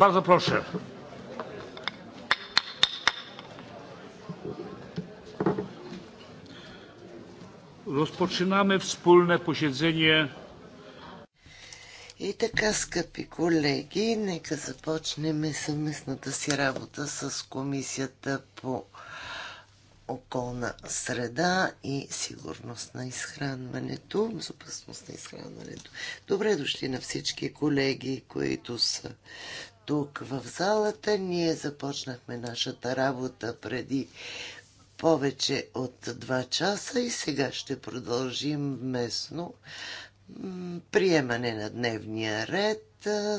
Bardzo proszę. Rozpoczynamy wspólne posiedzenie. И така, скъпи колеги, нека започнем съвместната си работа с Комисията по околна среда и сигурност на изхранването, безопасност на изхранването. Добре дошли на всички колеги, които са тук в залата. Ние започнахме нашата работа преди повече от 2 часа и сега ще продължим местно приемане на дневния ред.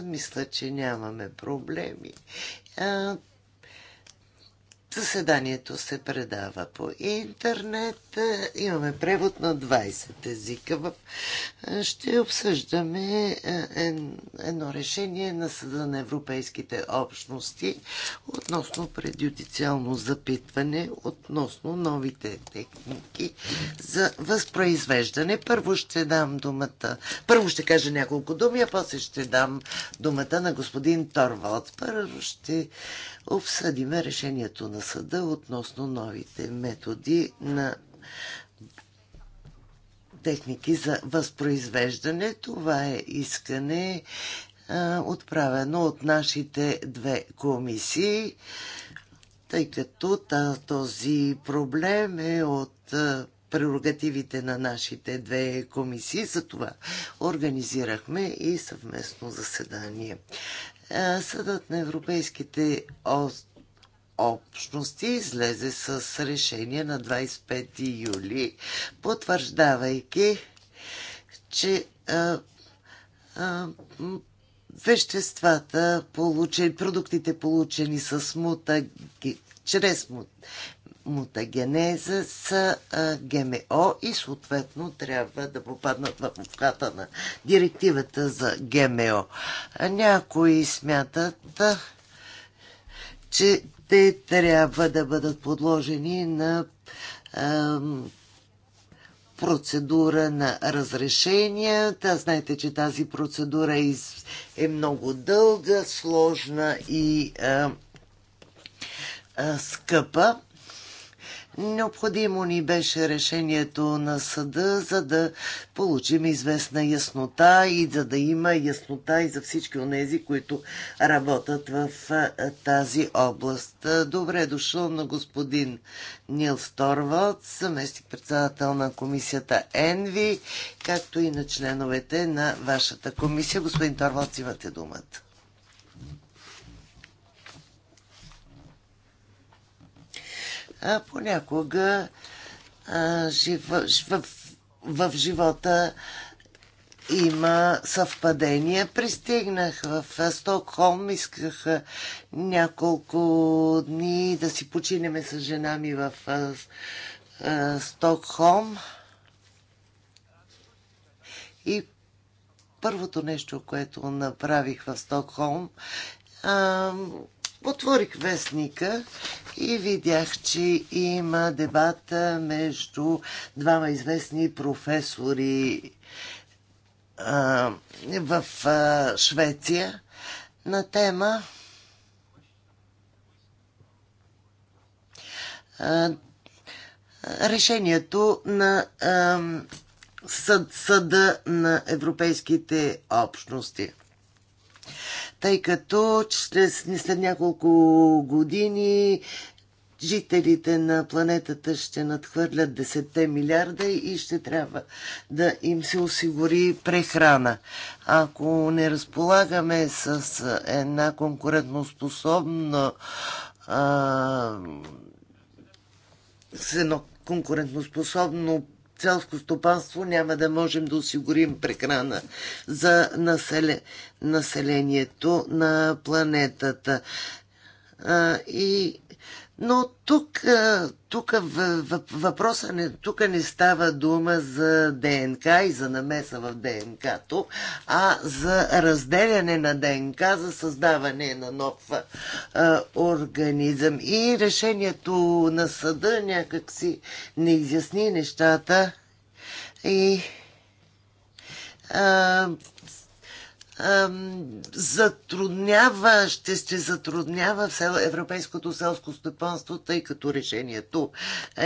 Мисля, че нямаме проблеми. Заседанието се предава по интернет. Имаме превод на 20 езика. Ще обсъждаме е, едно решение на Съда на Европейските общности относно предюдициално запитване, относно новите техники за възпроизвеждане. Първо ще дам думата. Първо ще кажа няколко думи, а после ще дам думата на господин Торвалд. Първо ще обсъдиме решението на съда относно новите методи на техники за възпроизвеждане. Това е искане отправено от нашите две комисии, тъй като този проблем е от прерогативите на нашите две комисии. Затова организирахме и съвместно заседание. Съдът на европейските общности излезе с решение на 25 юли, потвърждавайки, че а, а, веществата, получени, продуктите получени с мута, чрез мут, мутагенеза са а, ГМО и съответно трябва да попаднат в обхвата на директивата за ГМО. Някои смятат, че те трябва да бъдат подложени на процедура на разрешения. Та знаете, че тази процедура е много дълга, сложна и а, а, скъпа. Необходимо ни беше решението на съда, за да получим известна яснота и за да има яснота и за всички от тези, които работят в тази област. Добре дошъл на господин Нил Сторвалд, съместник председател на комисията ЕНВИ, както и на членовете на вашата комисия. Господин Торвалд, имате думата. А понякога в живота има съвпадения. Пристигнах в Стокхолм, исках няколко дни да си починеме с жена ми в Стокхолм. И първото нещо, което направих в Стокхолм, Отворих вестника и видях, че има дебата между двама известни професори а, в а, Швеция на тема а, решението на съд, съда на европейските общности тъй като след няколко години жителите на планетата ще надхвърлят 10 милиарда и ще трябва да им се осигури прехрана. Ако не разполагаме с една конкурентоспособна с едно конкурентоспособно селско стопанство няма да можем да осигурим прекрана за населе, населението на планетата. А, и но тук, тук въпроса не, тук не става дума за ДНК и за намеса в ДНК-то, а за разделяне на ДНК, за създаване на нов а, организъм. И решението на съда някакси не изясни нещата и а, затруднява, ще се затруднява европейското селско стопанство, тъй като решението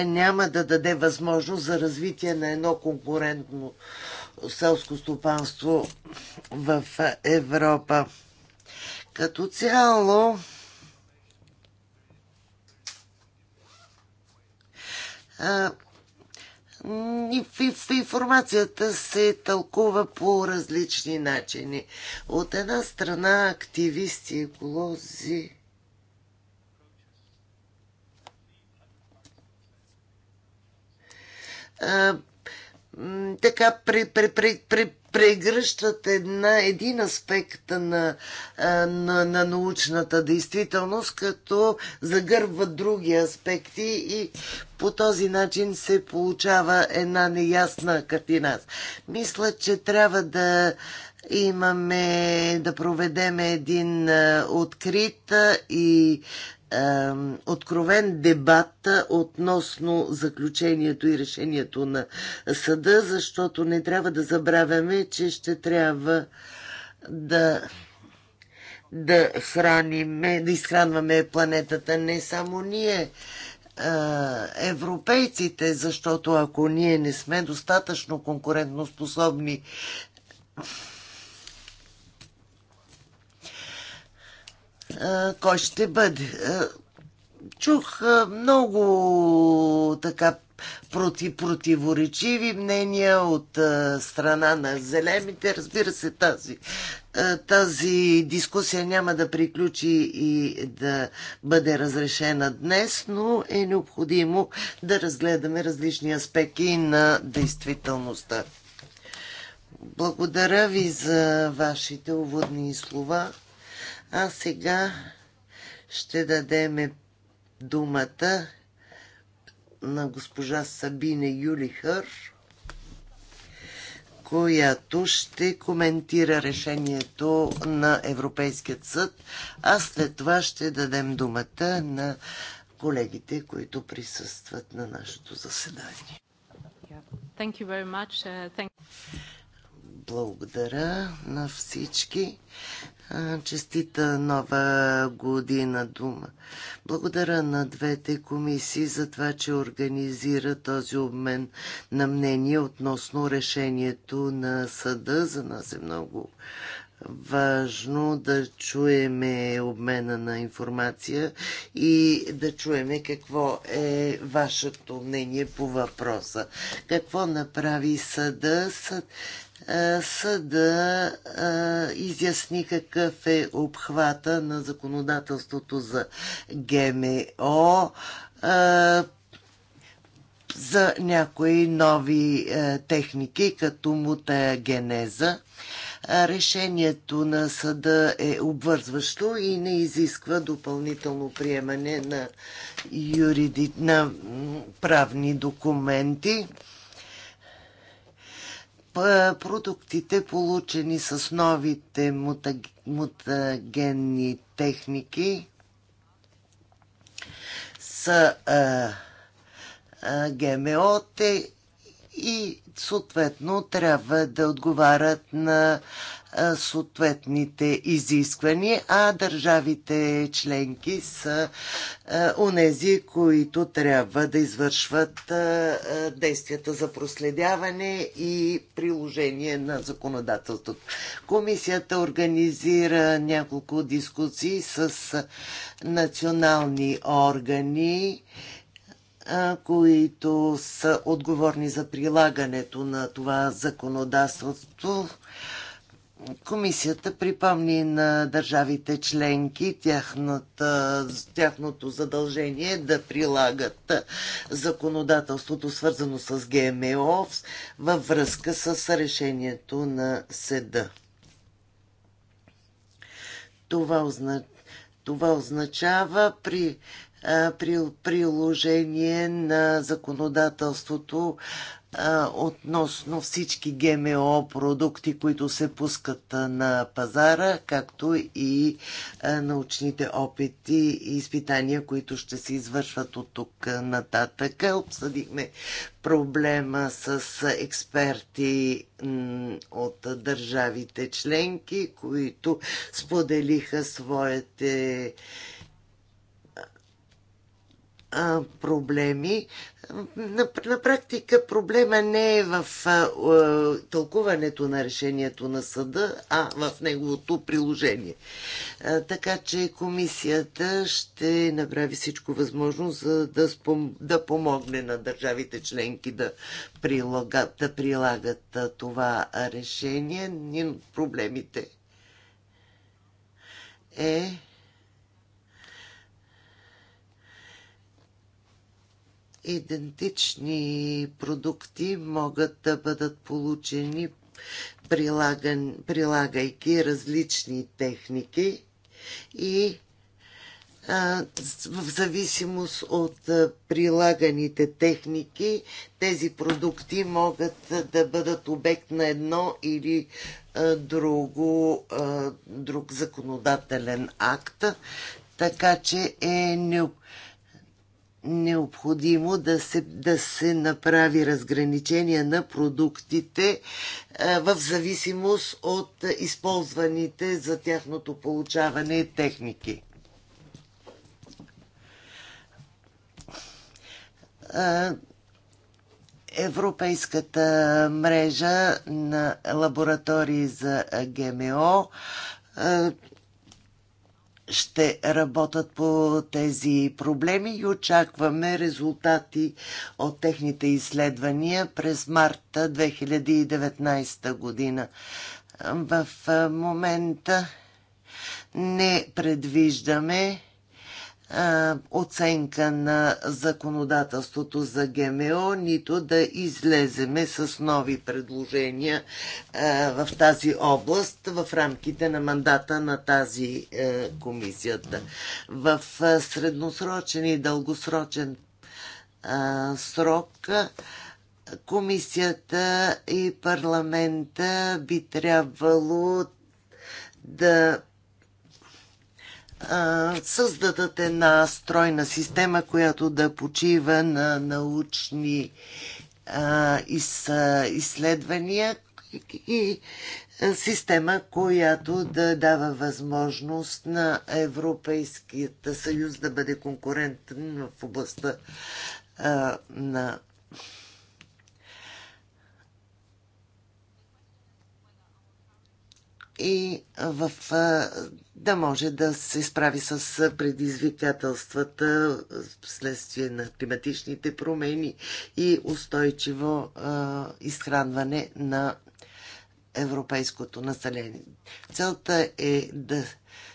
няма да даде възможност за развитие на едно конкурентно селско стопанство в Европа. Като цяло, а, информацията се тълкува по различни начини. От една страна активисти, еколози, така при, при, при, при, прегръщат една, един аспект на, на, на научната действителност, като загърбват други аспекти и по този начин се получава една неясна картина. Мисля, че трябва да имаме да проведем един открит и откровен дебат относно заключението и решението на съда, защото не трябва да забравяме, че ще трябва да да храниме, да изхранваме планетата не само ние, европейците, защото ако ние не сме достатъчно конкурентоспособни кой ще бъде. Чух много така против, противоречиви мнения от страна на зелемите. Разбира се, тази, тази дискусия няма да приключи и да бъде разрешена днес, но е необходимо да разгледаме различни аспекти на действителността. Благодаря ви за вашите уводни слова. А сега ще дадеме думата на госпожа Сабине Юлихър, която ще коментира решението на Европейският съд, а след това ще дадем думата на колегите, които присъстват на нашето заседание. Thank you very much. Uh, thank... Благодаря на всички. Честита нова година дума. Благодаря на двете комисии за това, че организира този обмен на мнение относно решението на съда. За нас е много важно да чуеме обмена на информация и да чуеме какво е вашето мнение по въпроса. Какво направи съда? Съд, е, съда е, изясни какъв е обхвата на законодателството за ГМО е, за някои нови техники, като мутагенеза. Решението на съда е обвързващо и не изисква допълнително приемане на, юриди... на правни документи продуктите, получени с новите мутагенни техники, са а, а, ГМО те и съответно трябва да отговарят на съответните изисквания, а държавите членки са онези, които трябва да извършват действията за проследяване и приложение на законодателството. Комисията организира няколко дискусии с национални органи, които са отговорни за прилагането на това законодателство Комисията припомни на държавите членки тяхната, тяхното задължение да прилагат законодателството, свързано с ГМО, във връзка с решението на СЕДА. Това, означава, това означава при приложение на законодателството относно всички ГМО продукти, които се пускат на пазара, както и научните опити и изпитания, които ще се извършват от тук нататък. Обсъдихме проблема с експерти от държавите членки, които споделиха своите проблеми. На, на практика проблема не е в а, тълкуването на решението на съда, а в неговото приложение. А, така че комисията ще направи всичко възможно, за да, спом, да помогне на държавите членки да прилагат, да прилагат а, това решение. Ни проблемите е идентични продукти могат да бъдат получени прилаган, прилагайки различни техники и а, в зависимост от прилаганите техники, тези продукти могат да бъдат обект на едно или друго, друг законодателен акт, така че е необходимо необходимо да се, да се направи разграничение на продуктите е, в зависимост от използваните за тяхното получаване техники. Е, Европейската мрежа на лаборатории за ГМО е, ще работят по тези проблеми и очакваме резултати от техните изследвания през марта 2019 година. В момента не предвиждаме оценка на законодателството за ГМО, нито да излеземе с нови предложения в тази област в рамките на мандата на тази е, комисията. В е, средносрочен и дългосрочен срок комисията и парламента би трябвало да създадат една стройна система, която да почива на научни а, из, а, изследвания и система, която да дава възможност на Европейският съюз да бъде конкурентен в областта а, на и в, да може да се справи с предизвикателствата вследствие на климатичните промени и устойчиво а, изхранване на европейското население. Целта е да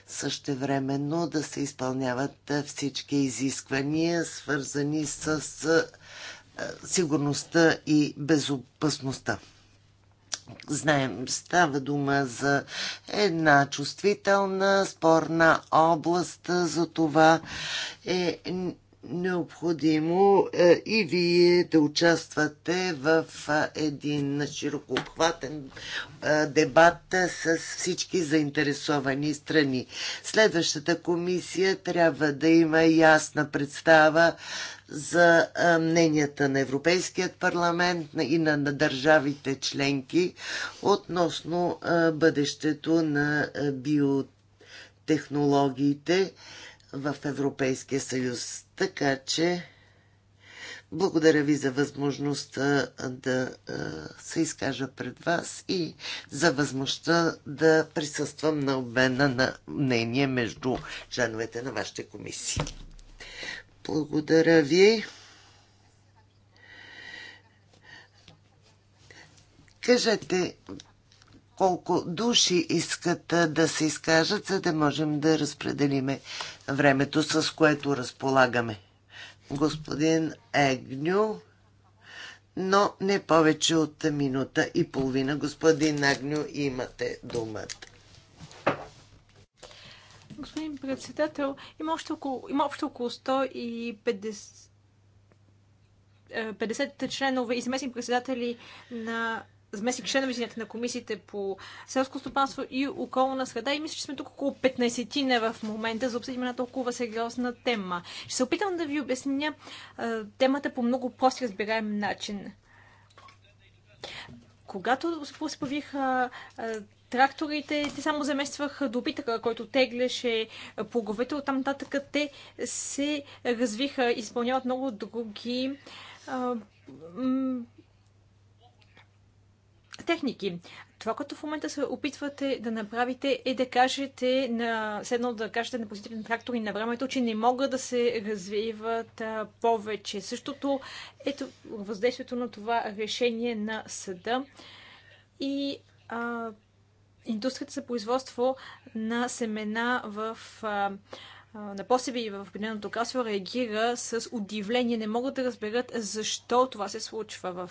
същевременно да се изпълняват всички изисквания, свързани с сигурността и безопасността. Знаем, става дума за една чувствителна, спорна област, за това е необходимо е, и вие да участвате в е, един широкохватен е, дебат с всички заинтересовани страни. Следващата комисия трябва да има ясна представа за мненията на Европейският парламент и на, държавите членки относно бъдещето на биотехнологиите в Европейския съюз. Така че благодаря ви за възможността да се изкажа пред вас и за възможността да присъствам на обмена на мнение между членовете на вашите комисии. Благодаря ви. Кажете колко души искат да се изкажат, за да можем да разпределиме времето, с което разполагаме. Господин Егню, но не повече от минута и половина. Господин Агню, имате думата. Господин председател, има, още около, има общо около 150 50 е, членове и заместни председатели на заместник членове извинете, на комисиите по селско стопанство и околна среда. И мисля, че сме тук около 15 не в момента, за обсъдим една толкова сериозна тема. Ще се опитам да ви обясня а, е, темата по много прост разбираем начин. Когато се появиха е, тракторите, те само заместваха добитъка, който теглеше плуговете. Оттам нататък те се развиха, изпълняват много други а, техники. Това, като в момента се опитвате да направите, е да кажете на, едно да кажете на позитивни трактори на времето, че не могат да се развиват а, повече. Същото ето въздействието на това решение на съда. И а, индустрията за производство на семена в на посеби в определеното кралство реагира с удивление. Не могат да разберат защо това се случва. В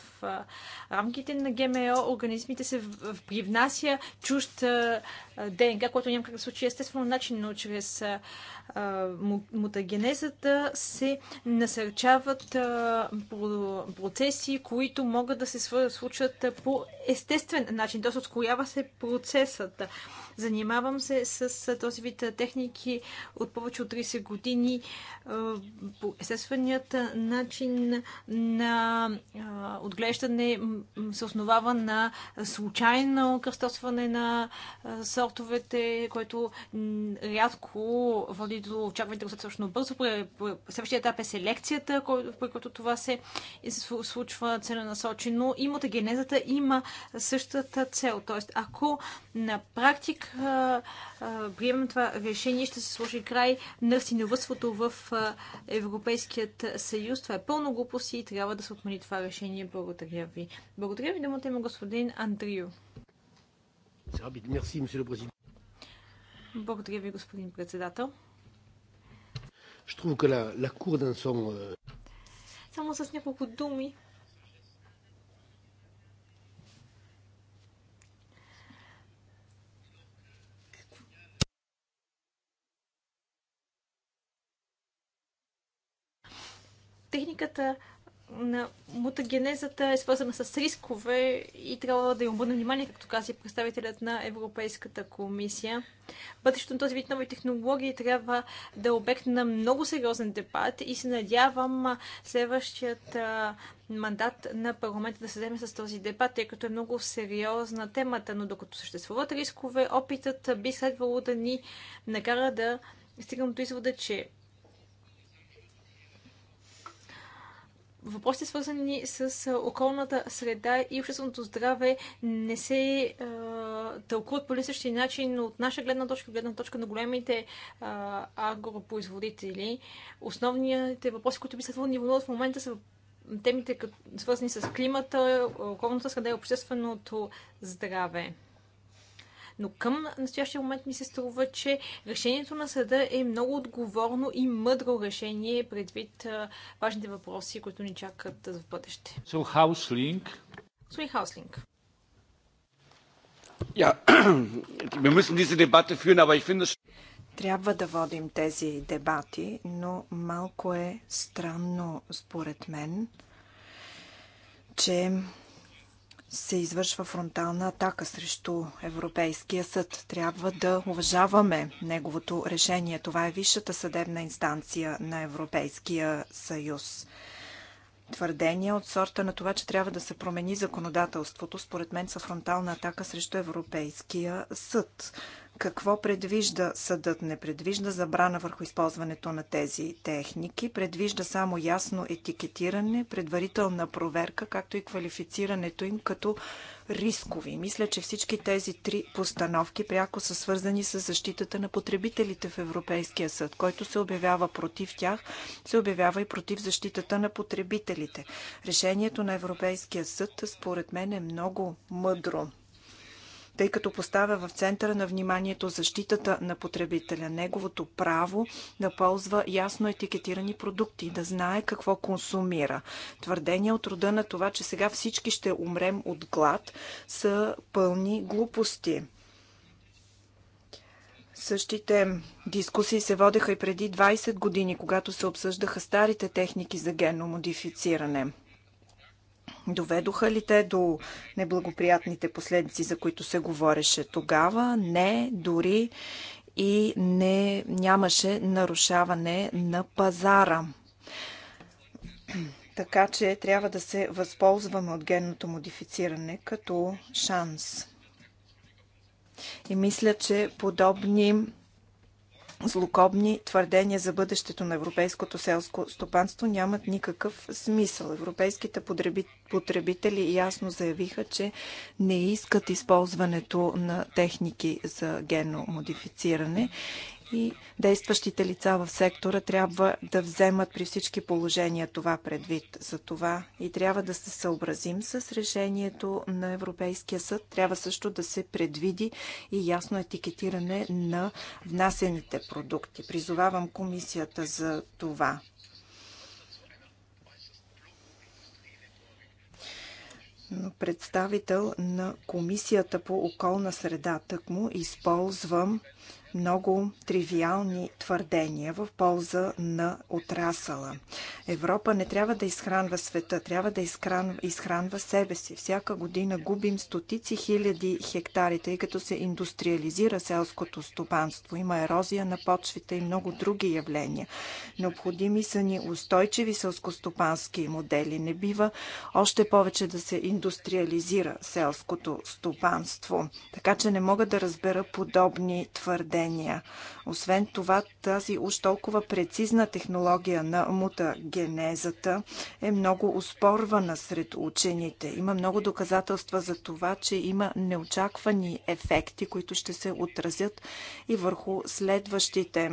рамките на ГМО организмите се привнася чужд ДНК, което няма как да случи естествено начин, но чрез мутагенезата се насърчават процеси, които могат да се случат по естествен начин. Тоест, откроява се процесът. Занимавам се с този вид техники от повече от 30 години. По естественият начин на отглеждане се основава на случайно кръстосване на сортовете, което рядко води до очакваните също бързо. Следващия етап е селекцията, при който това се случва целенасочено. генезата, има същата цел. Тоест, ако на практика Приемам приемем това решение ще се сложи край на синовътството в Европейският съюз? Това е пълно глупост и трябва да се отмени това решение. Благодаря ви. Благодаря ви, думата има господин Андрио. Благодаря ви, господин председател. Euh, Само с няколко думи техниката на мутагенезата е свързана с рискове и трябва да им обърнем внимание, както каза и представителят на Европейската комисия. Бъдещето на този вид нови технологии трябва да е обект на много сериозен дебат и се надявам следващият мандат на парламента да се вземе с този дебат, тъй като е много сериозна темата, но докато съществуват рискове, опитът би следвало да ни накара да стигнем до извода, че въпросите свързани с околната среда и общественото здраве не се а, тълкуват по същия начин, но от наша гледна точка, гледна точка на големите а, агропроизводители, основните въпроси, които би следвало ни вълнуват в момента са темите свързани с климата, околната среда и общественото здраве но към настоящия момент ми се струва, че решението на съда е много отговорно и мъдро решение предвид важните въпроси, които ни чакат за бъдеще. So, Хауслинг. Господин Хауслинг. Ja, wir müssen diese Debatte führen, aber ich finde es трябва да водим тези дебати, но малко е странно, според мен, че се извършва фронтална атака срещу Европейския съд. Трябва да уважаваме неговото решение. Това е висшата съдебна инстанция на Европейския съюз. Твърдения от сорта на това, че трябва да се промени законодателството, според мен са фронтална атака срещу Европейския съд. Какво предвижда съдът? Не предвижда забрана върху използването на тези техники, предвижда само ясно етикетиране, предварителна проверка, както и квалифицирането им като рискови. Мисля, че всички тези три постановки пряко са свързани с защитата на потребителите в Европейския съд. Който се обявява против тях, се обявява и против защитата на потребителите. Решението на Европейския съд, според мен, е много мъдро тъй като поставя в центъра на вниманието защитата на потребителя, неговото право да ползва ясно етикетирани продукти, да знае какво консумира. Твърдения от рода на това, че сега всички ще умрем от глад, са пълни глупости. Същите дискусии се водеха и преди 20 години, когато се обсъждаха старите техники за генно модифициране. Доведоха ли те до неблагоприятните последици, за които се говореше тогава? Не, дори и не, нямаше нарушаване на пазара. Така че трябва да се възползваме от генното модифициране като шанс. И мисля, че подобни злокобни твърдения за бъдещето на европейското селско стопанство нямат никакъв смисъл. Европейските потребители ясно заявиха, че не искат използването на техники за генно модифициране и действащите лица в сектора трябва да вземат при всички положения това предвид. За това и трябва да се съобразим с решението на Европейския съд. Трябва също да се предвиди и ясно етикетиране на внасените продукти. Призовавам комисията за това. представител на Комисията по околна среда. Тък му използвам много тривиални твърдения в полза на отрасала. Европа не трябва да изхранва света, трябва да изхранва, изхранва себе си. Всяка година губим стотици хиляди хектари, тъй като се индустриализира селското стопанство. Има ерозия на почвите и много други явления. Необходими са ни устойчиви селскостопански модели. Не бива още повече да се индустриализира селското стопанство. Така че не мога да разбера подобни твърдения поведения. Освен това, тази уж толкова прецизна технология на мутагенезата е много успорвана сред учените. Има много доказателства за това, че има неочаквани ефекти, които ще се отразят и върху следващите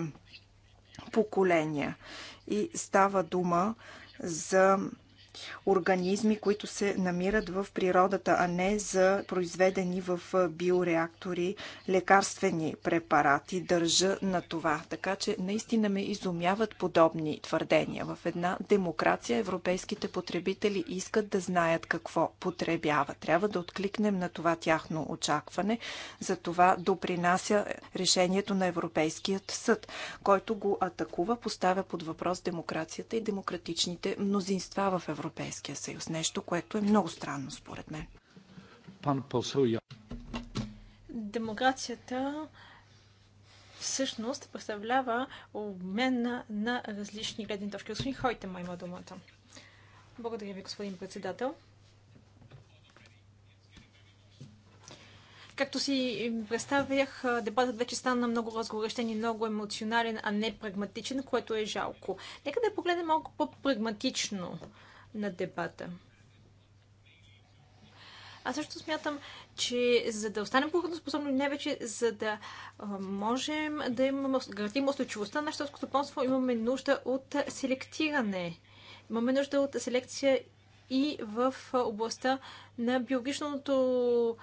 поколения. И става дума за организми, които се намират в природата, а не за произведени в биореактори лекарствени препарати. Държа на това. Така че наистина ме изумяват подобни твърдения. В една демокрация европейските потребители искат да знаят какво потребява. Трябва да откликнем на това тяхно очакване. За това допринася решението на Европейският съд, който го атакува, поставя под въпрос демокрацията и демократичните мнозинства в Европейския Европейския съюз. Нещо, което е много странно според мен. Пан Посуя. Демокрацията всъщност представлява обмен на, различни гледни точки. Господин Хойтема има думата. Благодаря ви, господин председател. Както си представях, дебатът вече стана много разгорещен и много емоционален, а не прагматичен, което е жалко. Нека да погледнем малко по-прагматично на дебата. Аз също смятам, че за да останем по конкурентоспособни не вече, за да можем да имаме, гарантираме устойчивостта на нашето стопанство, имаме нужда от селектиране. Имаме нужда от селекция и в областта на биологичното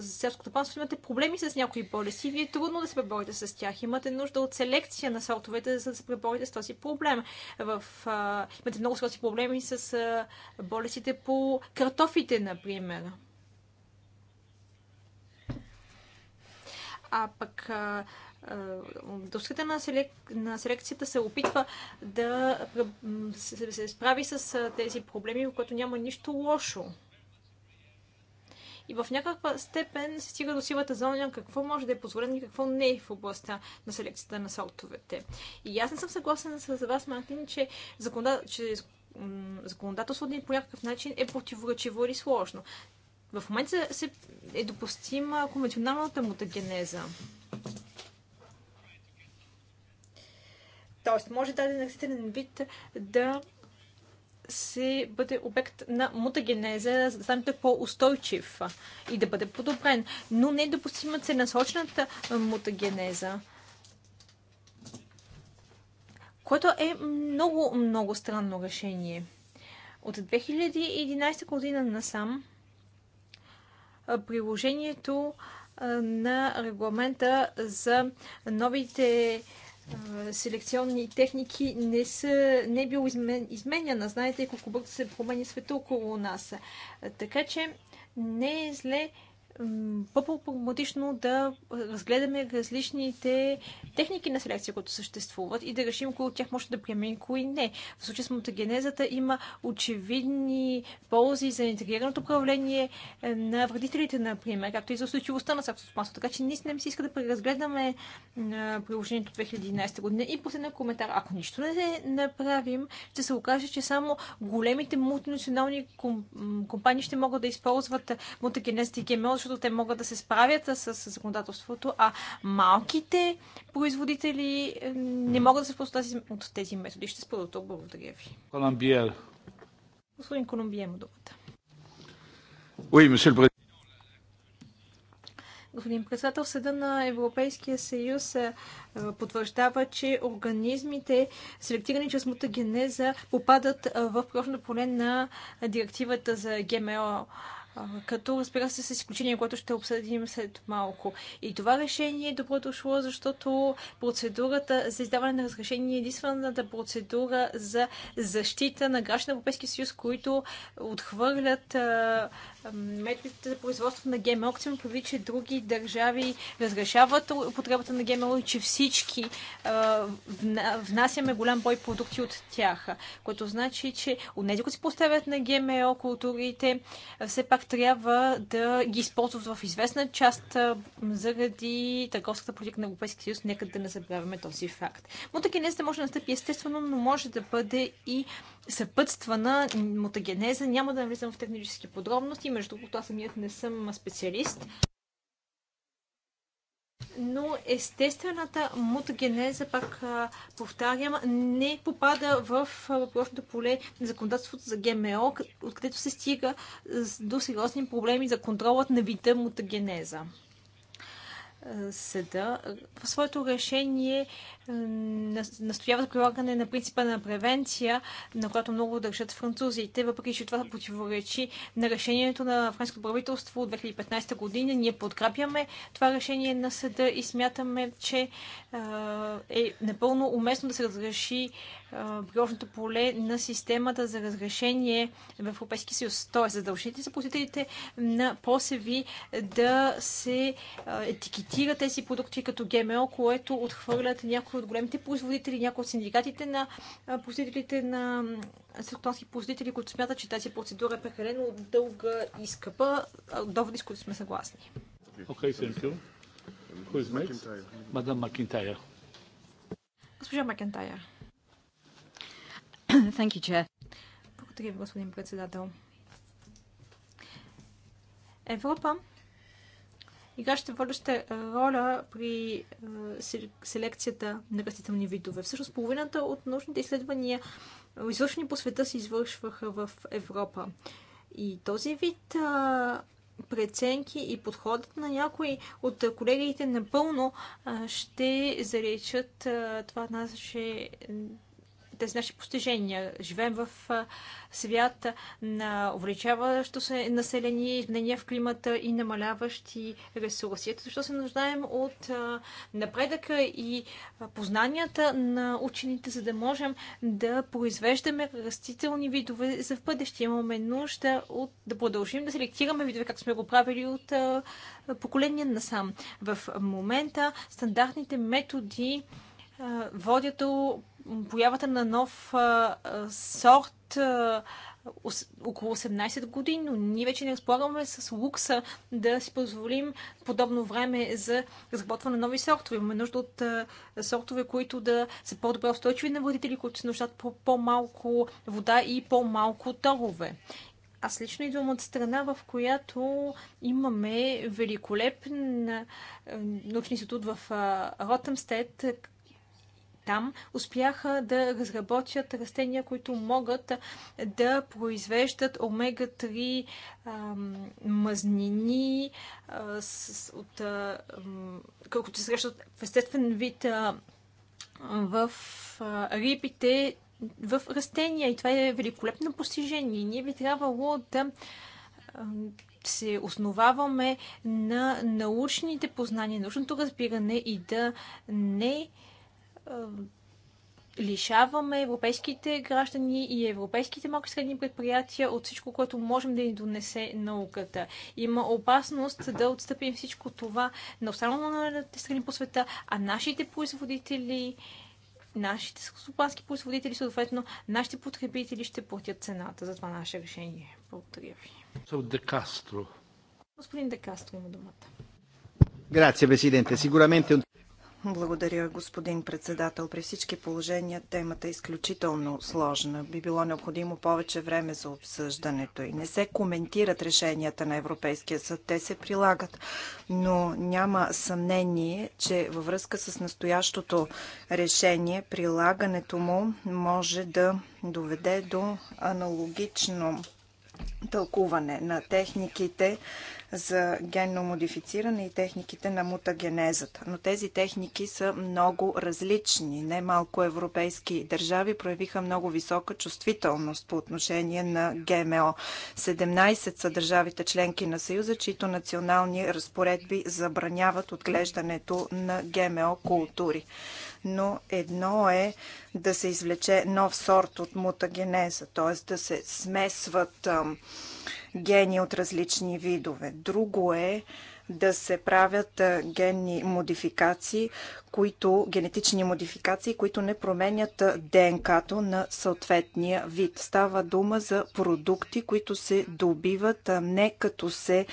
селско стопанство имате проблеми с някои болести, вие е трудно да се преборите с тях. Имате нужда от селекция на сортовете, за да се преборите с този проблем. В, а, имате много сложни проблеми с а, болестите по картофите, например. А пък а, индустрията на, селек... на селекцията се опитва да се, справи с тези проблеми, в което няма нищо лошо. И в някаква степен се стига до сивата зона какво може да е позволено и какво не е в областта на селекцията на сортовете. И аз не съм съгласен с вас, Мартин, че, че законодателството ни по някакъв начин е противоречиво или сложно. В момента се е допустима конвенционалната мутагенеза. Тоест, може даден растителен вид да се бъде обект на мутагенеза, за да стане по-устойчив и да бъде подобрен. Но не е допустима целенасочената мутагенеза, което е много, много странно решение. От 2011 година насам приложението на регламента за новите селекционни техники не, са, не е било измен, изменяна. Знаете колко бързо се променя света около нас. Така че не е зле по-проблематично да разгледаме различните техники на селекция, които съществуват и да решим кои от тях може да приемем и кои не. В случай с мутагенезата има очевидни ползи за интегрираното управление е, на вредителите, например, както и за устойчивостта на сектото стопанство. Така че наистина ми се иска да преразгледаме е, приложението 2011 година. И последния коментар. Ако нищо не направим, ще се окаже, че само големите мултинационални компании ще могат да използват мутагенезата и ГМО, защото те могат да се справят с законодателството, а малките производители е, не могат да се възползват от тези методи. Ще спра тук. Благодаря ви. Колумбиер. Господин Колумбия има думата. Oui, Господин председател, Съда на Европейския съюз е, е, потвърждава, че организмите, селектирани чрез мутагенеза, попадат в профилно поле на директивата за ГМО като разбира се с изключение, което ще обсъдим след малко. И това решение е добро дошло, защото процедурата за издаване на разрешение е единствената процедура за защита на граждани на Европейския съюз, които отхвърлят методите за производство на ГМО, като прави, че други държави разрешават употребата на ГМО и че всички а, внасяме голям бой продукти от тях. Което значи, че от тези, които се поставят на ГМО културите, все пак трябва да ги използват в известна част заради търговската политика на Европейския съюз. Нека да не забравяме този факт. Мутагенезата може да настъпи естествено, но може да бъде и съпътствана мутагенеза. Няма да навлизам в технически подробности. Между другото, аз самият не съм специалист но естествената мутагенеза, пак повтарям, не попада в въпросното поле на законодателството за ГМО, откъдето се стига до сериозни проблеми за контролът на вида мутагенеза съда в своето решение е, настоява за прилагане на принципа на превенция, на която много държат французите, въпреки че това противоречи на решението на френското правителство от 2015 година. Ние подкрепяме това решение на съда и смятаме, че е напълно уместно да се разреши приложното поле на системата за разрешение в Европейски съюз. Тоест, задължителите за посетителите на посеви да се етикетират третира тези продукти като ГМО, което отхвърлят някои от големите производители, някои от синдикатите на производителите на сектонски производители, които смятат, че тази процедура е прекалено дълга и скъпа. Доводи, с които сме съгласни. Окей, okay, Мадам Макентайер. Госпожа Макентайер. Thank you, Chair. Благодаря ви, господин председател. Европа играща водеща роля при селекцията на растителни видове. Всъщност половината от научните изследвания, извършени по света, се извършваха в Европа. И този вид преценки и подходът на някои от колегите напълно ще заречат това наше тези наши постижения. Живеем в свят на увеличаващо се население, изменения в климата и намаляващи ресурси. Ето защо се нуждаем от напредъка и познанията на учените, за да можем да произвеждаме растителни видове за в бъдеще. Имаме нужда от да продължим да селектираме видове, както сме го правили от поколения насам. В момента стандартните методи водят до появата на нов а, сорт а, ос, около 18 години, но ние вече не разполагаме с лукса да си позволим подобно време за разработване на нови сортове. Имаме нужда от а, сортове, които да са по-добре устойчиви на водители, които се нуждат по- по-малко вода и по-малко торове. Аз лично идвам от страна, в която имаме великолепен научен институт в Ротъмстед, там успяха да разработят растения, които могат да произвеждат омега-3 мазнини от, колкото се срещат в естествен вид в рибите, в растения. И това е великолепно постижение. Ние би трябвало да се основаваме на научните познания, научното разбиране и да не а, лишаваме европейските граждани и европейските малки средни предприятия от всичко, което можем да ни донесе науката. Има опасност да отстъпим всичко това на останалите страни по света, а нашите производители, нашите стопански производители, съответно нашите потребители ще платят цената за това наше решение. Благодаря ви. Декастро. Господин Декастро има думата. Грация, президенте. Сигурамент е благодаря, господин председател. При всички положения темата е изключително сложна. Би било необходимо повече време за обсъждането и не се коментират решенията на Европейския съд. Те се прилагат. Но няма съмнение, че във връзка с настоящото решение, прилагането му може да доведе до аналогично тълкуване на техниките за генно модифициране и техниките на мутагенезата. Но тези техники са много различни. Немалко европейски държави проявиха много висока чувствителност по отношение на ГМО. 17 са държавите членки на Съюза, чието национални разпоредби забраняват отглеждането на ГМО култури но едно е да се извлече нов сорт от мутагенеза, т.е. да се смесват гени от различни видове. Друго е да се правят генни модификации, които, генетични модификации, които не променят ДНК-то на съответния вид. Става дума за продукти, които се добиват не като се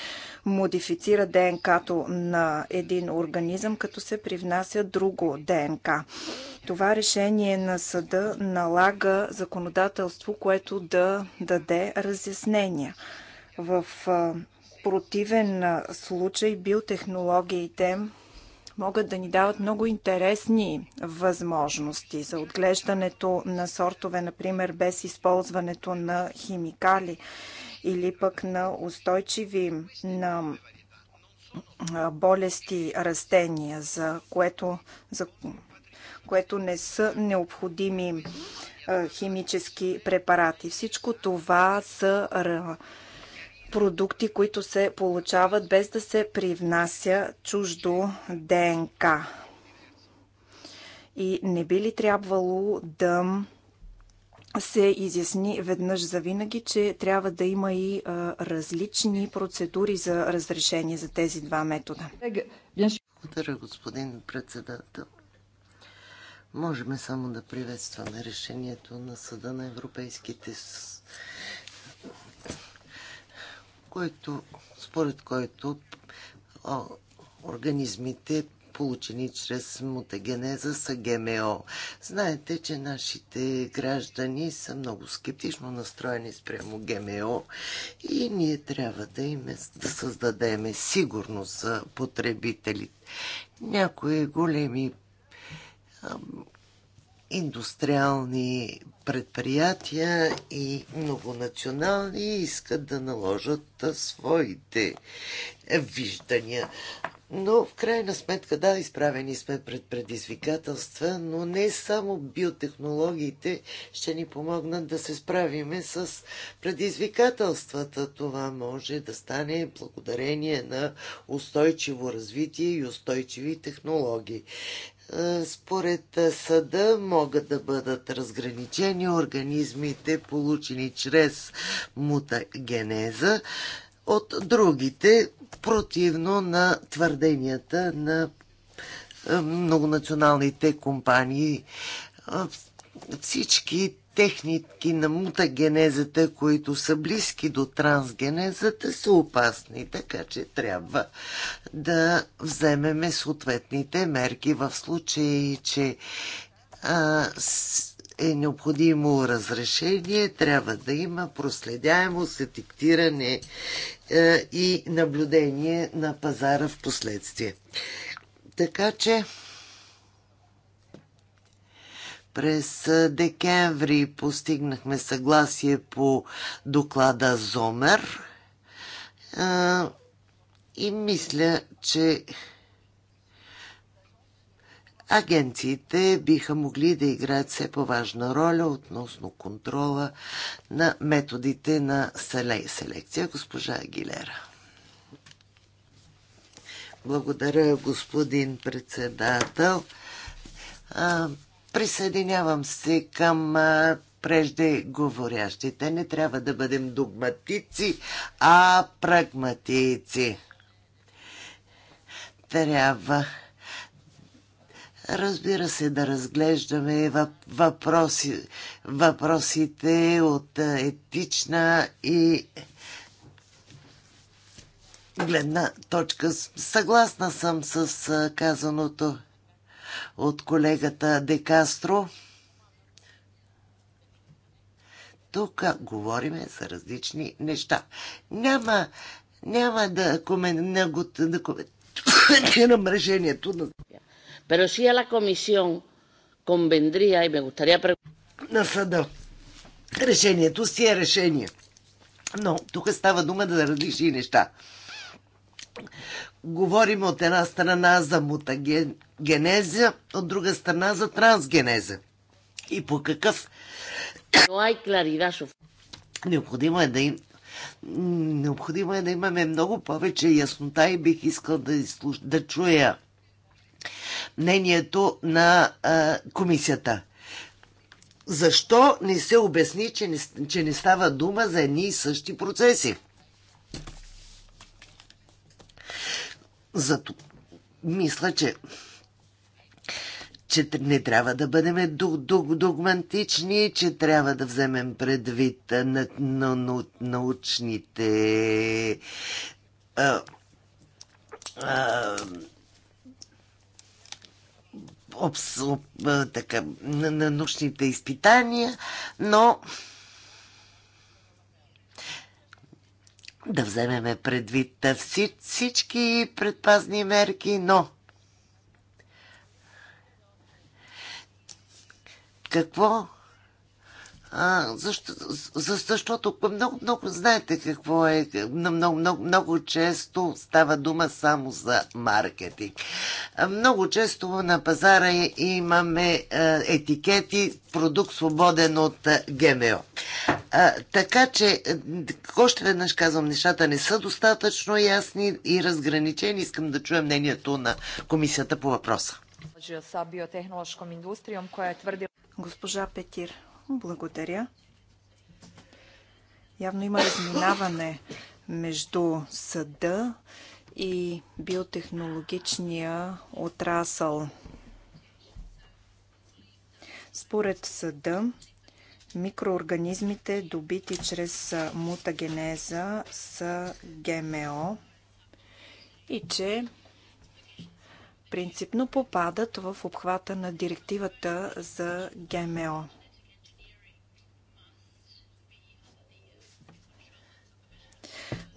модифицира ДНК-то на един организъм, като се привнася друго ДНК. Това решение на съда налага законодателство, което да даде разяснения. В противен случай биотехнологиите могат да ни дават много интересни възможности за отглеждането на сортове, например, без използването на химикали или пък на устойчиви на болести растения, за което, за което не са необходими химически препарати. Всичко това са продукти, които се получават без да се привнася чуждо ДНК. И не би ли трябвало да се изясни веднъж за винаги, че трябва да има и а, различни процедури за разрешение за тези два метода. Благодаря, господин председател. Можем само да приветстваме решението на Съда на Европейските който, според който о, организмите получени чрез мутагенеза са ГМО. Знаете, че нашите граждани са много скептично настроени спрямо ГМО и ние трябва да им да създадем сигурност за потребителите. Някои големи индустриални предприятия и многонационални искат да наложат своите е, виждания. Но в крайна сметка, да, изправени сме пред предизвикателства, но не само биотехнологиите ще ни помогнат да се справиме с предизвикателствата. Това може да стане благодарение на устойчиво развитие и устойчиви технологии. Е, според е, съда могат да бъдат разграничени организмите, получени чрез мутагенеза, от другите, противно на твърденията на е, многонационалните компании. Всички техники на мутагенезата, които са близки до трансгенезата, са опасни, така че трябва да вземеме съответните мерки в случай, че а, е необходимо разрешение, трябва да има проследяемост, етиктиране е, и наблюдение на пазара в последствие. Така че през декември постигнахме съгласие по доклада Зомер и мисля, че агенциите биха могли да играят все по-важна роля относно контрола на методите на селекция. Госпожа Агилера. Благодаря, господин председател. Присъединявам се към преждеговорящите. Не трябва да бъдем догматици, а прагматици. Трябва разбира се, да разглеждаме въпроси, въпросите от етична и гледна точка. Съгласна съм с казаното от колегата Декастро. Тук говориме за различни неща. Няма, няма да коментирам да на... Pero si a la comisión convendría, y me gustaría... На съда. Решението си е решение. Но тук става дума да различни неща говорим от една страна за мутагенеза, от друга страна за трансгенеза. И по какъв... Необходимо е да им... Необходимо е да имаме много повече яснота и бих искал да, изслуш... да чуя мнението на а, комисията. Защо не се обясни, че не, че не става дума за едни и същи процеси? Зато мисля, че че не трябва да бъдем догматични, че трябва да вземем предвид на, на, на научните а, а, обс, об, така, на, на научните изпитания, но да вземеме предвид всички предпазни мерки, но какво защо, за, защото много, много знаете какво е, много, много, много често става дума само за маркетинг. Много често на пазара имаме етикети продукт свободен от ГМО. А, така че, още веднъж казвам, нещата не са достатъчно ясни и разграничени. Искам да чуя мнението на комисията по въпроса. Госпожа е Петир, благодаря. Явно има разминаване между съда и биотехнологичния отрасъл. Според съда, микроорганизмите, добити чрез мутагенеза, са ГМО и че принципно попадат в обхвата на директивата за ГМО.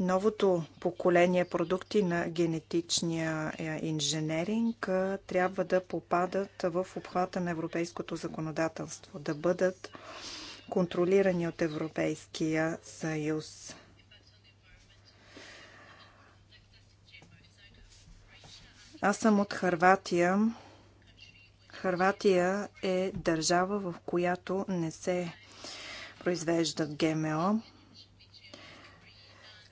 новото поколение продукти на генетичния е, инженеринг трябва да попадат в обхвата на европейското законодателство, да бъдат контролирани от Европейския съюз. Аз съм от Харватия. Харватия е държава, в която не се произвеждат ГМО.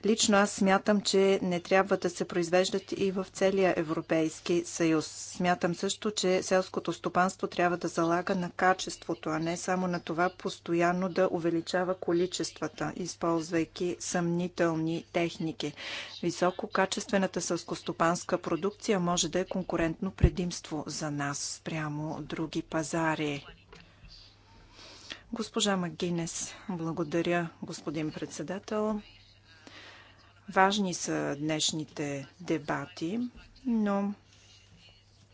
Лично аз смятам, че не трябва да се произвеждат и в целия Европейски съюз. Смятам също, че селското стопанство трябва да залага на качеството, а не само на това постоянно да увеличава количествата, използвайки съмнителни техники. Висококачествената селскостопанска продукция може да е конкурентно предимство за нас спрямо други пазари. Госпожа Магинес, благодаря, господин председател. Важни са днешните дебати, но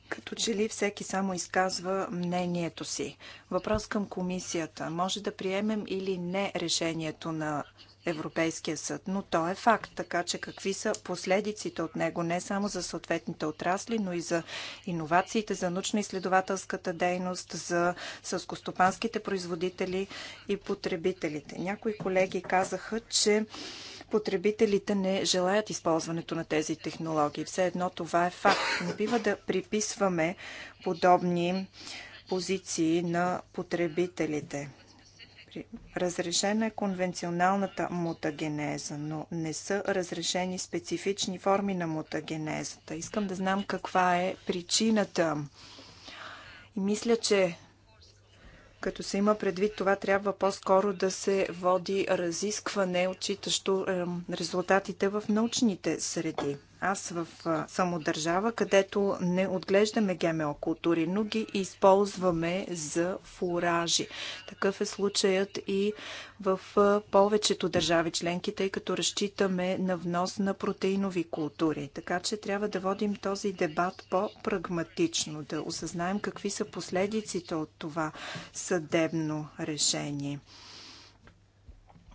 като че ли всеки само изказва мнението си. Въпрос към комисията. Може да приемем или не решението на Европейския съд, но то е факт, така че какви са последиците от него не само за съответните отрасли, но и за иновациите, за научно-изследователската дейност, за сълскостопанските производители и потребителите. Някои колеги казаха, че потребителите не желаят използването на тези технологии. Все едно това е факт. Не бива да приписваме подобни позиции на потребителите. Разрешена е конвенционалната мутагенеза, но не са разрешени специфични форми на мутагенезата. Искам да знам каква е причината. И мисля, че като се има предвид това, трябва по-скоро да се води разискване, отчитащо резултатите в научните среди. Аз в самодържава, където не отглеждаме ГМО култури, но ги използваме за фуражи. Такъв е случаят и в повечето държави членки, тъй като разчитаме на внос на протеинови култури. Така че трябва да водим този дебат по-прагматично, да осъзнаем какви са последиците от това съдебно решение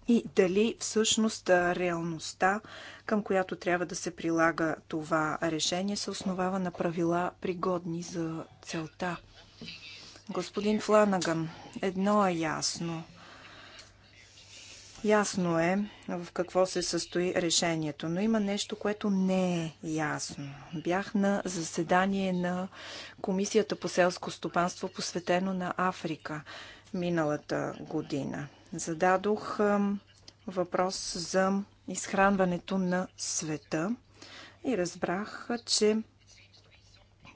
и дали всъщност реалността, към която трябва да се прилага това решение, се основава на правила пригодни за целта. Господин Фланаган, едно е ясно. Ясно е в какво се състои решението, но има нещо, което не е ясно. Бях на заседание на Комисията по селско стопанство, посветено на Африка миналата година. Зададох въпрос за изхранването на света и разбрах, че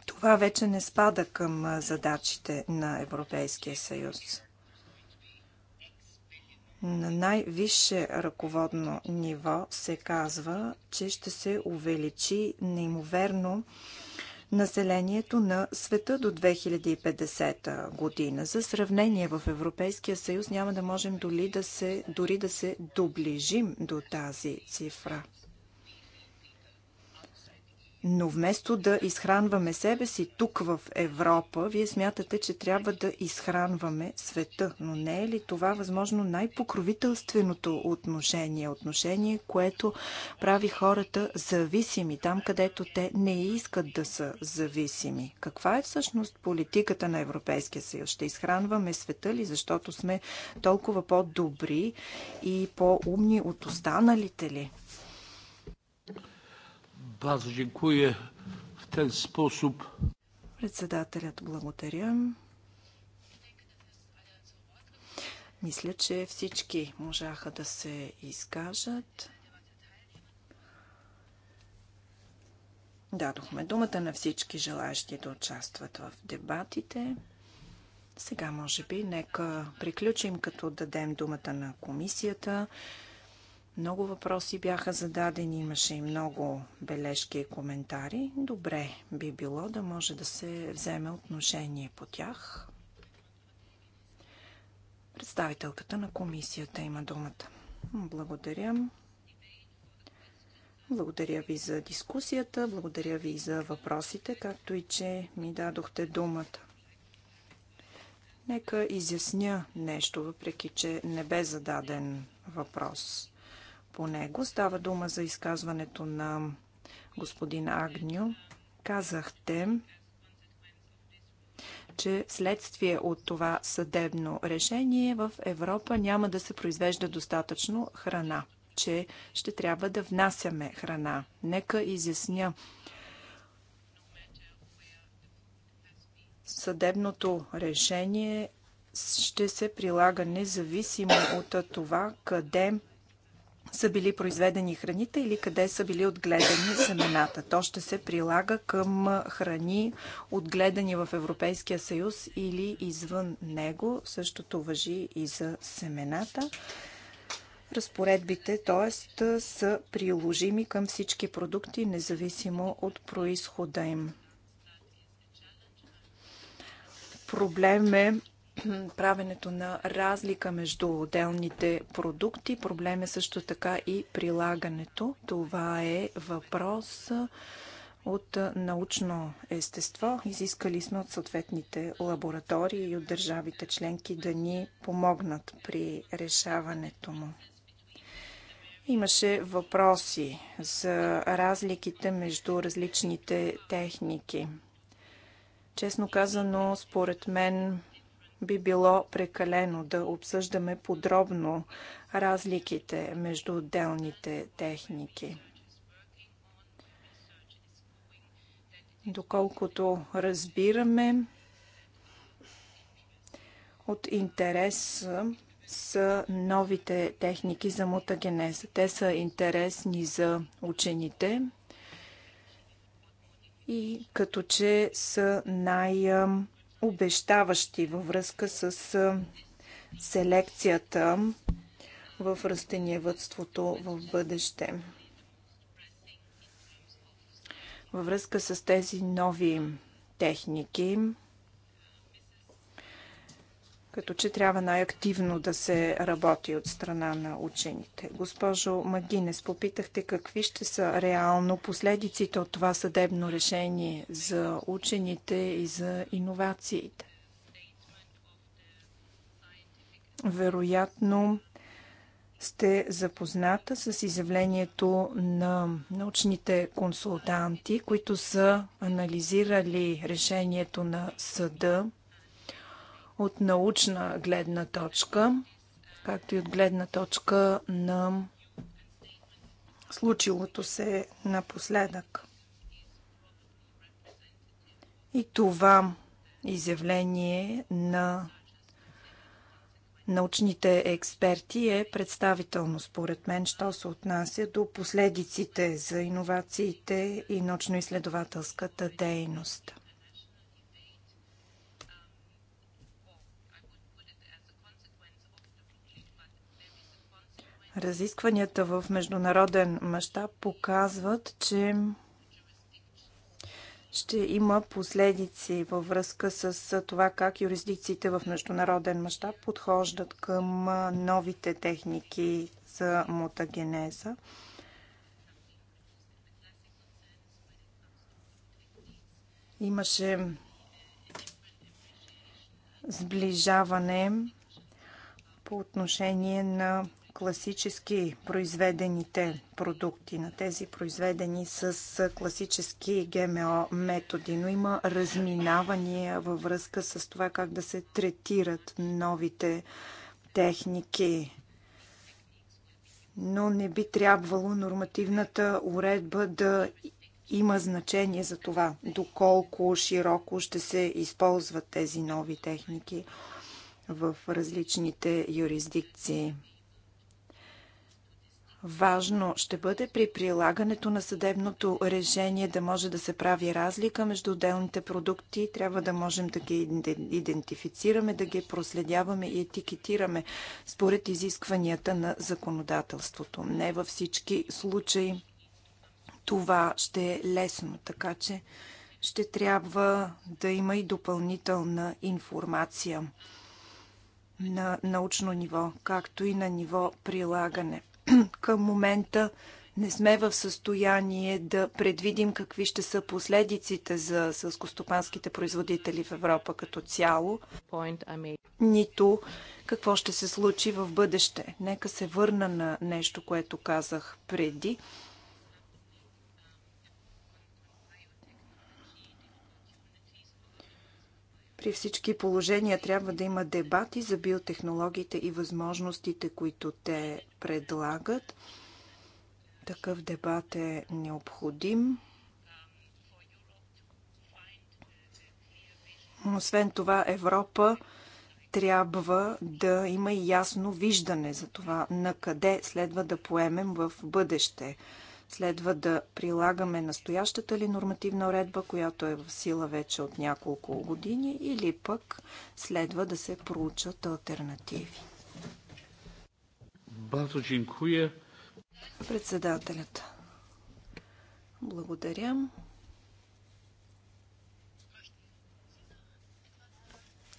това вече не спада към задачите на Европейския съюз. На най-висше ръководно ниво се казва, че ще се увеличи неимоверно населението на света до 2050 година. За сравнение в Европейския съюз няма да можем дори да се, дори да се доближим до тази цифра. Но вместо да изхранваме себе си тук в Европа, вие смятате, че трябва да изхранваме света. Но не е ли това възможно най-покровителственото отношение? Отношение, което прави хората зависими, там където те не искат да са зависими. Каква е всъщност политиката на Европейския съюз? Ще изхранваме света ли, защото сме толкова по-добри и по-умни от останалите ли? Bardzo dziękuję. W ten sposób... Председателят благодаря. Мисля, че всички можаха да се изкажат. Дадохме думата на всички желаящи да участват в дебатите. Сега, може би, нека приключим, като дадем думата на комисията. Много въпроси бяха зададени, имаше и много бележки и коментари. Добре би било да може да се вземе отношение по тях. Представителката на комисията има думата. Благодаря. Благодаря ви за дискусията, благодаря ви за въпросите, както и че ми дадохте думата. Нека изясня нещо, въпреки че не бе зададен въпрос по него. Става дума за изказването на господин Агню. Казахте, че следствие от това съдебно решение в Европа няма да се произвежда достатъчно храна, че ще трябва да внасяме храна. Нека изясня. Съдебното решение ще се прилага независимо от това къде са били произведени храните или къде са били отгледани семената. То ще се прилага към храни, отгледани в Европейския съюз или извън него. Същото въжи и за семената. Разпоредбите, т.е. са приложими към всички продукти, независимо от происхода им. Проблем е правенето на разлика между отделните продукти. Проблем е също така и прилагането. Това е въпрос от научно естество. Изискали сме от съответните лаборатории и от държавите членки да ни помогнат при решаването му. Имаше въпроси за разликите между различните техники. Честно казано, според мен би било прекалено да обсъждаме подробно разликите между отделните техники. Доколкото разбираме, от интерес са новите техники за мутагенеза. Те са интересни за учените и като че са най- обещаващи във връзка с селекцията в растениевътството в бъдеще. Във връзка с тези нови техники, като че трябва най-активно да се работи от страна на учените. Госпожо Магинес, попитахте какви ще са реално последиците от това съдебно решение за учените и за иновациите. Вероятно сте запозната с изявлението на научните консултанти, които са анализирали решението на съда от научна гледна точка, както и от гледна точка на случилото се напоследък. И това изявление на научните експерти е представително, според мен, що се отнася до последиците за иновациите и научно-изследователската дейност. Разискванията в международен мащаб показват, че ще има последици във връзка с това как юрисдикциите в международен мащаб подхождат към новите техники за мутагенеза. Имаше сближаване по отношение на класически произведените продукти, на тези произведени с класически ГМО методи, но има разминавания във връзка с това как да се третират новите техники. Но не би трябвало нормативната уредба да има значение за това, доколко широко ще се използват тези нови техники в различните юрисдикции важно ще бъде при прилагането на съдебното решение да може да се прави разлика между отделните продукти. Трябва да можем да ги идентифицираме, да ги проследяваме и етикетираме според изискванията на законодателството. Не във всички случаи това ще е лесно, така че ще трябва да има и допълнителна информация на научно ниво, както и на ниво прилагане. към момента не сме в състояние да предвидим какви ще са последиците за сълскостопанските производители в Европа като цяло, нито какво ще се случи в бъдеще. Нека се върна на нещо, което казах преди. При всички положения трябва да има дебати за биотехнологиите и възможностите, които те предлагат. Такъв дебат е необходим. Освен това, Европа трябва да има и ясно виждане за това на къде следва да поемем в бъдеще. Следва да прилагаме настоящата ли нормативна редба, която е в сила вече от няколко години, или пък следва да се проучат альтернативи. Bardzo dziękuję. Председателят. Благодаря.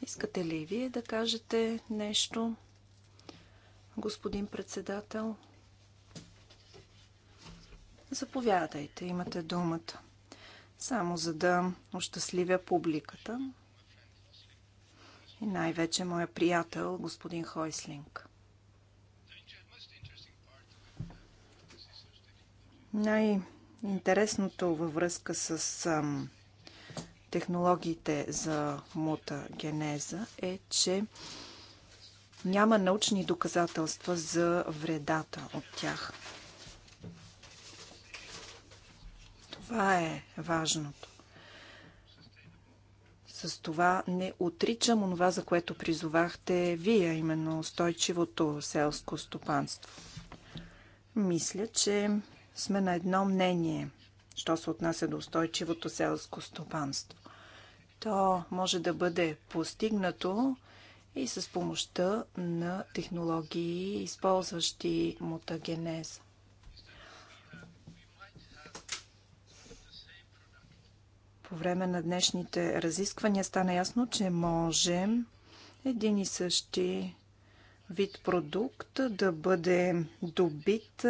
Искате ли и вие да кажете нещо, господин председател? Заповядайте, имате думата. Само за да ощастливя публиката и най-вече моя приятел, господин Хойслинг. Най-интересното във връзка с ам, технологиите за мутагенеза е, че няма научни доказателства за вредата от тях. Това е важното. С това не отричам онова, за което призовахте вие, именно устойчивото селско стопанство. Мисля, че сме на едно мнение, що се отнася до устойчивото селско стопанство. То може да бъде постигнато и с помощта на технологии, използващи мутагенеза. По време на днешните разисквания стана ясно, че можем един и същи вид продукт да бъде добит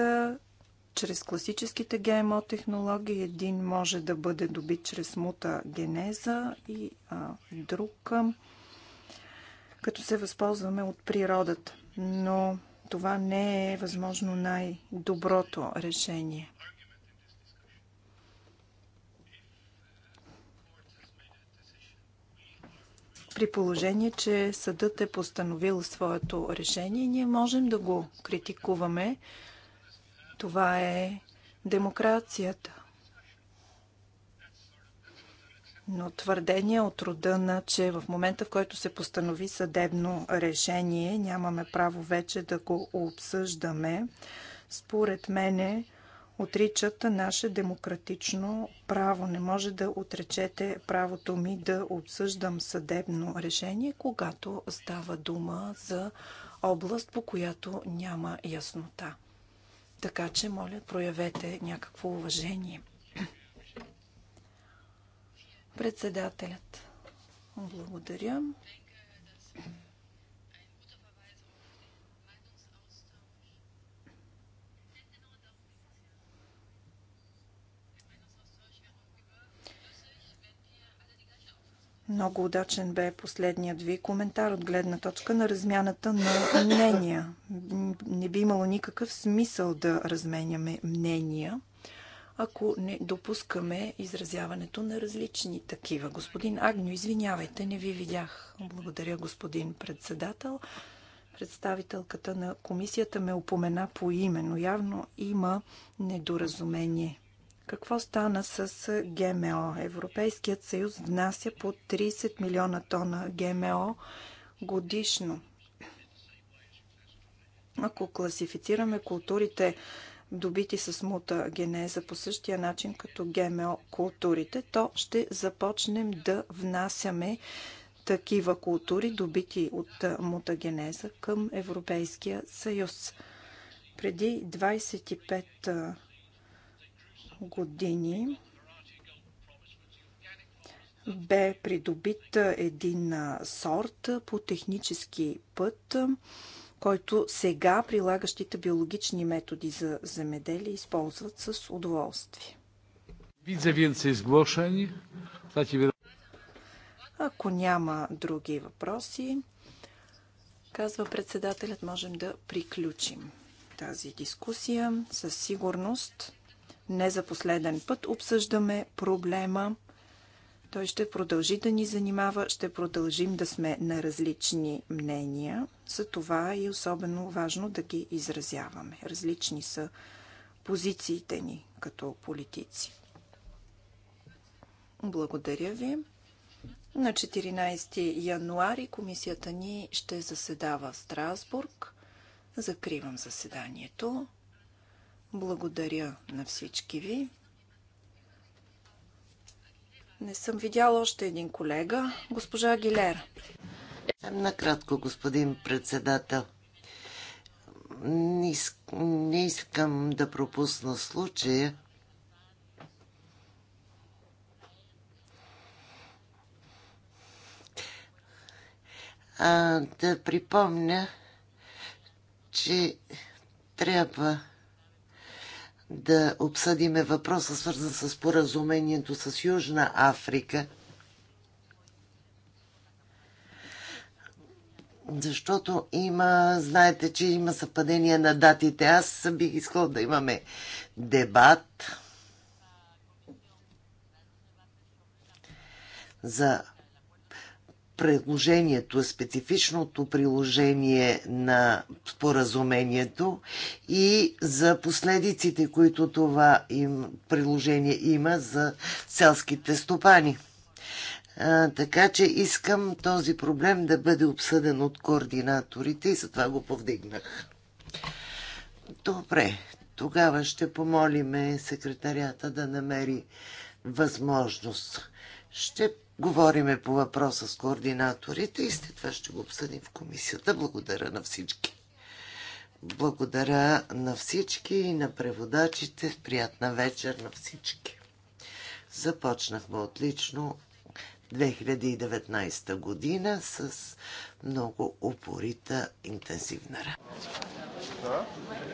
чрез класическите ГМО технологии, един може да бъде добит чрез мутагенеза и а, друг, като се възползваме от природата. Но това не е възможно най-доброто решение. При положение, че съдът е постановил своето решение, ние можем да го критикуваме. Това е демокрацията. Но твърдение от рода на, че в момента, в който се постанови съдебно решение, нямаме право вече да го обсъждаме, според мене отричат наше демократично право. Не може да отречете правото ми да обсъждам съдебно решение, когато става дума за област, по която няма яснота. Така че, моля, проявете някакво уважение. Председателят. Благодаря. Много удачен бе последният ви коментар от гледна точка на размяната на мнения. Не би имало никакъв смисъл да разменяме мнения, ако не допускаме изразяването на различни такива. Господин Агню, извинявайте, не ви видях. Благодаря, господин председател. Представителката на комисията ме упомена по име, но явно има недоразумение. Какво стана с ГМО? Европейският съюз внася по 30 милиона тона ГМО годишно. Ако класифицираме културите, добити с мута генеза по същия начин като ГМО културите, то ще започнем да внасяме такива култури, добити от мутагенеза към Европейския съюз. Преди 25 години бе придобит един сорт по технически път, който сега прилагащите биологични методи за земеделие използват с удоволствие. Значи Ако няма други въпроси, казва председателят, можем да приключим тази дискусия. Със сигурност не за последен път обсъждаме проблема. Той ще продължи да ни занимава, ще продължим да сме на различни мнения. За това е особено важно да ги изразяваме. Различни са позициите ни като политици. Благодаря ви. На 14 януари комисията ни ще заседава в Страсбург. Закривам заседанието. Благодаря на всички ви. Не съм видяла още един колега. Госпожа Агилер. Накратко, господин председател. Не, искам да пропусна случая. А, да припомня, че трябва да обсъдиме въпроса, свързан с поразумението с Южна Африка. Защото има, знаете, че има съпадение на датите. Аз бих искал да имаме дебат за предложението, специфичното приложение на споразумението и за последиците, които това им, приложение има за селските стопани. А, така че искам този проблем да бъде обсъден от координаторите и затова го повдигнах. Добре, тогава ще помолиме секретарята да намери възможност. Ще говориме по въпроса с координаторите и след това ще го обсъдим в комисията. Благодаря на всички. Благодаря на всички и на преводачите. Приятна вечер на всички. Започнахме отлично 2019 година с много упорита интенсивна работа.